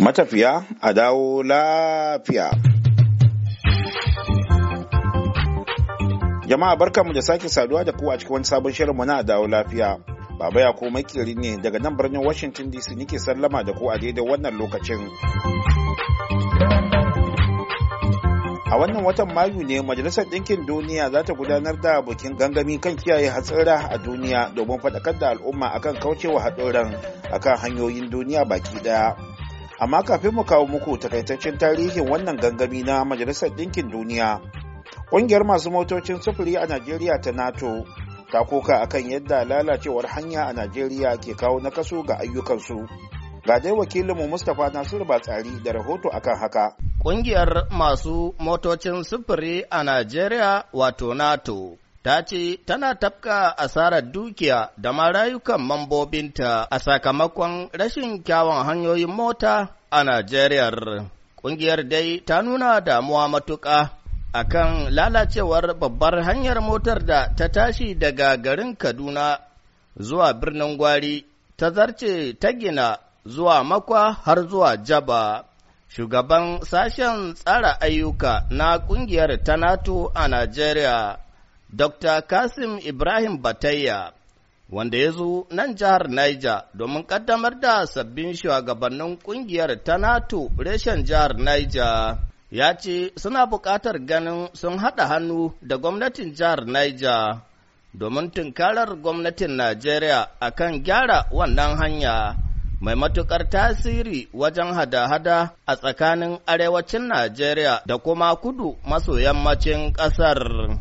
matafiya a dawo lafiya. Jama'a barkanmu da sake saduwa da kowa cikin wani sabon shirinmu na a dawo lafiya. Baba ya komai kiri ne daga nan birnin Washington DC nike sallama da ku a daidai wannan lokacin. A wannan watan Mayu ne Majalisar Ɗinkin Duniya za ta gudanar da bikin gangami kan kiyaye hatsira a duniya domin faɗakar da al'umma akan kaucewa hatsuran akan hanyoyin duniya baki ɗaya. amma kafin mu kawo muku takaitaccen tarihin wannan gangami na majalisar ɗinkin duniya ƙungiyar masu motocin sufuri a najeriya ta nato ta koka akan yadda lalacewar hanya a najeriya ke kawo nakasu ga ayyukansu ga dai wakilinmu mustapha nasiru batsari da rahoto akan haka ƙungiyar masu motocin sufuri a najeriya wato nato ta ce tana tafka asarar dukiya da ma rayukan mambobinta a sakamakon rashin kyawun hanyoyin mota a Najeriya. Ƙungiyar dai ta nuna damuwa matuƙa a kan lalacewar babbar hanyar motar da ta tashi daga garin Kaduna zuwa birnin Gwari, ta zarce ta gina zuwa makwa har zuwa jaba. Shugaban sashen tsara ayyuka na ƙungiyar ta NATO a Najeriya. Dr. Kasim Ibrahim Batayya, wanda ya zo nan jihar Niger domin kaddamar da sabbin shugabannin ƙungiyar ta NATO reshen jihar Niger, ya ce suna buƙatar ganin sun haɗa hannu da gwamnatin jihar Niger domin tunkarar gwamnatin Najeriya a kan gyara wannan hanya mai matuƙar tasiri wajen hada-hada a tsakanin arewacin Najeriya da kuma kudu maso yammacin ƙasar.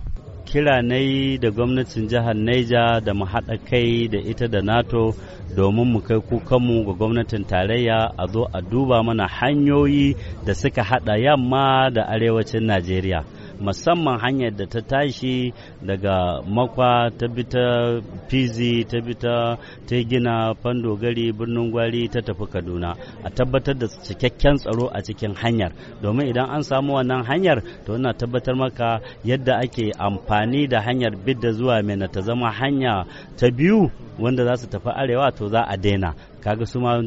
kira na yi da gwamnatin jihar Neja da mu haɗa kai da ita da NATO domin mu kai kukanmu ga gwamnatin tarayya a zo a duba mana hanyoyi da suka haɗa yamma da arewacin Najeriya. musamman hanyar da ta tashi daga makwa ta bi ta fizi ta bi ta gina fandogari birnin gwari ta tafi kaduna a tabbatar da cikakken tsaro a cikin hanyar domin idan an samu wannan hanyar to ina tabbatar maka yadda ake amfani da hanyar bidda zuwa mena ta zama hanya ta biyu wanda za su tafi arewa to za a daina kaga su ma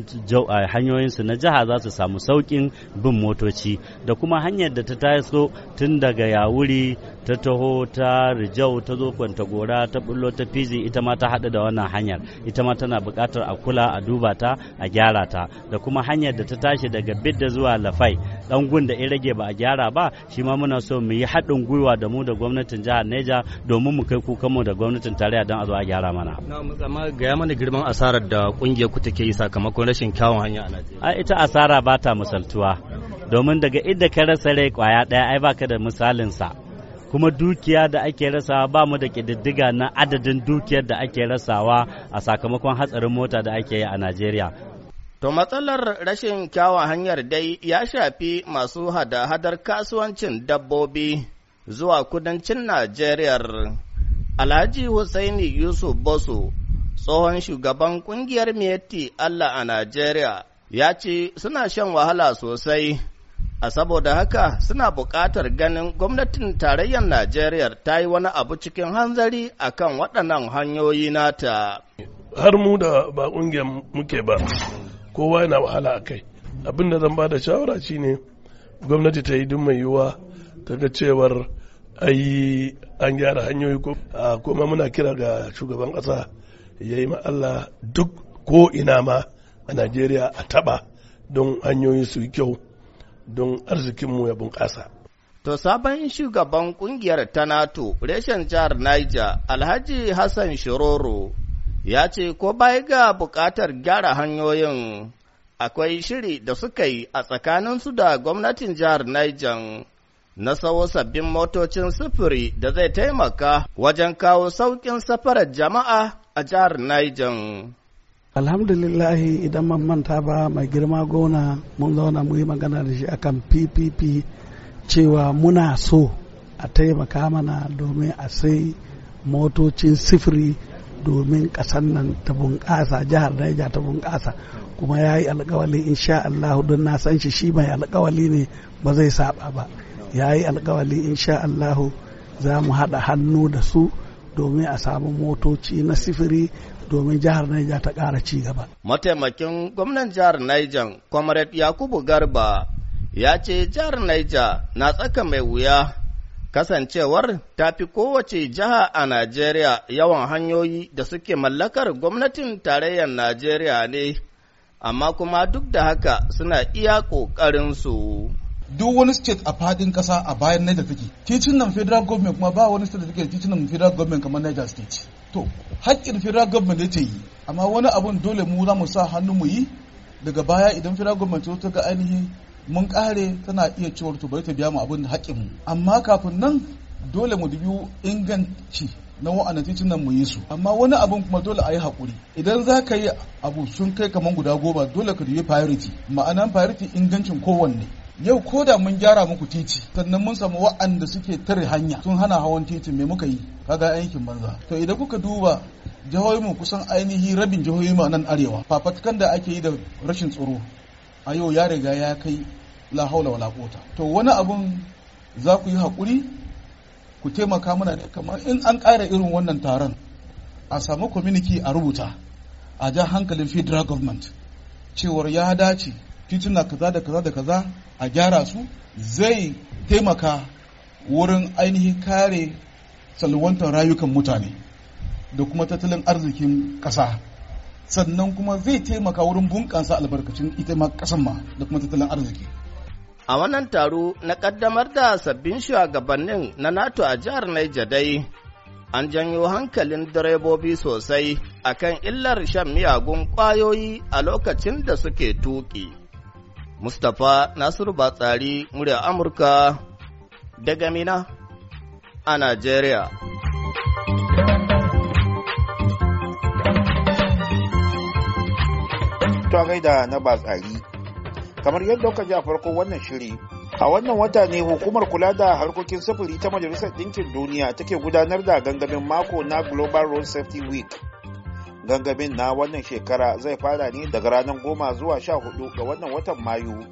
hanyoyinsu na jiha za su samu sauƙin bin motoci da kuma hanyar da ta so tun daga yawuri ta taho ta rijau ta zo kwanta gora ta bullo ta fizi ita ma ta haɗu da wannan hanyar ita ma tana buƙatar a kula a duba ta a gyara ta da kuma hanyar da ta tashi daga bidda zuwa lafai ɗan gun da rage ba a gyara ba shi ma muna so mu yi haɗin gwiwa da mu da gwamnatin jihar neja domin mu kai kukanmu da gwamnatin tarayya don a zo a gyara mana. na mu gaya mana girman asarar da ƙungiyar ku take yi sakamakon rashin kyawun hanya a Najeriya? Ai ita asara ba ta misaltuwa domin daga inda ka rasa rai kwaya ɗaya ai baka da misalinsa kuma dukiya da ake rasawa ba mu da ƙididdiga na adadin dukiyar da ake rasawa a sakamakon hatsarin mota da ake yi a Najeriya. To matsalar rashin kyawun hanyar dai ya shafi masu hada-hadar kasuwancin dabbobi zuwa kudancin Najeriya. Alhaji Hussaini Yusuf Bosu tsohon shugaban kungiyar Mieti Allah a Najeriya, ya ce suna shan wahala sosai, a saboda haka suna buƙatar ganin gwamnatin tarayyar Najeriya ta yi wani abu cikin hanzari a kan waɗannan hanyoyi nata. Har mu da ba ƙungiyar muke ba, kowa yana wahala a kai. Abin da zan ba da shawara shine gwamnati ta yi duk mai yiwuwa ta ga cewar ayi an gyara hanyoyi kuma muna kira ga shugaban ƙasa. ya yi Allah duk ko ina ma a Najeriya a taɓa don hanyoyi su kyau don arzikinmu ya bunƙasa. To sabon shugaban ƙungiyar ta NATO reshen jihar Niger Alhaji Hassan Shiroro ya ce ko bai ga buƙatar gyara hanyoyin akwai shiri da suka yi a tsakaninsu da gwamnatin jihar Niger na sawo sabbin motocin sufuri da zai taimaka wajen kawo sauƙin safarar jama'a a jihar Niger. Alhamdulillahi idan man manta ba mai girma gona mun zauna mu yi magana da shi akan PPP cewa muna so a taimaka mana domin a sai motocin sifiri domin kasan nan ta bunƙasa jihar Niger ta bunƙasa kuma ya yi alƙawali insha Allah don na san shi shi mai alƙawali ne ba zai saba ba ya yi alƙawali insha Allah za mu haɗa hannu da su domin a samu motoci na sifiri domin jihar Niger ta ƙara ci gaba. Mataimakin gwamnan jihar Niger, Comrade Yakubu Garba, ya ce jihar Niger na tsaka mai wuya kasancewar ta fi kowace jiha a Najeriya yawan hanyoyi da suke mallakar gwamnatin tarayyar Najeriya ne, amma kuma duk da haka suna iya ƙoƙarinsu. duk wani state a fadin kasa a bayan Niger take titin nan federal government kuma ba wani state da take titin nan federal government kamar Niger state to haƙƙin federal government ne ta yi amma wani abun dole mu za mu sa hannu mu yi daga baya idan federal government ta ga ainihi mun kare tana iya cewar to bari ta biya mu abun haƙƙin mu amma kafin nan dole mu dubi inganci na wa'annan titin nan mu yi su amma wani abun kuma dole a yi haƙuri idan za ka yi abu sun kai kamar guda goma dole ka dubi priority ma'anan priority ingancin kowanne yau ko da mun gyara muku titi sannan mun samu wa'anda suke tare hanya sun hana hawan titin mai muka yi kaga yankin banza to idan kuka duba mu kusan ainihi rabin ma nan arewa fafatkan da ake yi da rashin tsoro a yau ya riga ya kai la haula wala quwata to wani abun za ku yi hakuri ku taimaka mana da kamar in an ƙara irin wannan taron a samu community a rubuta a ja hankalin federal government cewar ya dace tituna kaza da kaza da kaza a gyara su zai taimaka wurin ainihin kare salwantar rayukan mutane da kuma tattalin arzikin ƙasa sannan kuma zai taimaka wurin bunƙasa albarkacin ita ma ƙasan ma da kuma tattalin arziki a wannan taro na ƙaddamar da sabbin shugabannin na nato a jihar Naija dai an janyo hankalin direbobi sosai akan illar shan miyagun ƙwayoyi a lokacin da suke tuƙi. Mustapha Nasiru Batsari murya Amurka daga Mina a Najeriya. To gaida na Batsari, kamar yadda kuka ji a farko wannan shiri a wannan wata ne hukumar kula da harkokin sufuri ta majalisar Dinkin duniya take gudanar da gangamin mako na global road safety week gangamin na wannan shekara zai fara ne daga ranar goma zuwa sha hudu ga wannan watan mayu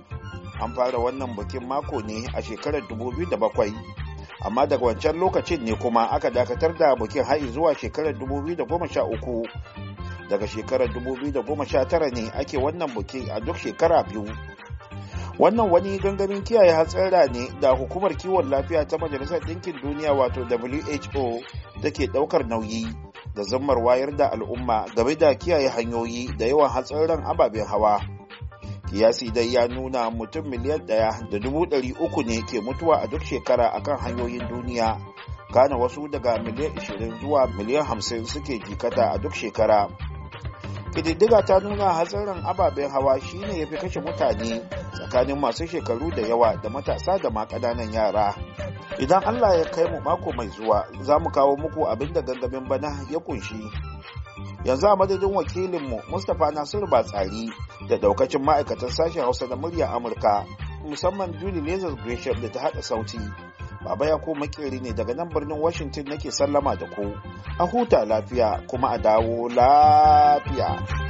an fara wannan bikin mako ne a shekarar 2007 amma daga wancan lokacin ne kuma aka dakatar da bikin har zuwa shekarar 2013 daga shekarar 2019 ne ake wannan biki a duk shekara biyu wannan wani gangamin kiyaye hatsara ne da hukumar kiwon lafiya ta majalisar ɗinkin duniya wato who take ɗaukar nauyi da zammar wayar da al'umma game da kiyaye hanyoyi da yawan hatsarin ababen hawa kiyasi dai ya nuna mutum miliyan ɗaya da dubu ɗari uku ne ke mutuwa a duk shekara akan hanyoyin duniya kana wasu daga miliyan 20 zuwa miliyan 50 suke jikata a duk shekara ƙididdiga ta nuna hatsarin ababen hawa shine ya fi kashe mutane tsakanin masu shekaru da yawa da matasa da ma ƙananan yara idan allah ya kai mu mako mai zuwa za mu kawo muku abin da gangamin bana ya kunshi yanzu a madadin wakilinmu mustapha nasiru batsari da daukacin ma'aikatan sashen hausa na murya amurka musamman julie lazar gresham da ta haɗa sauti Baba ya ko makeri ne daga nan birnin Washington nake sallama da ku. A huta lafiya kuma a dawo lafiya.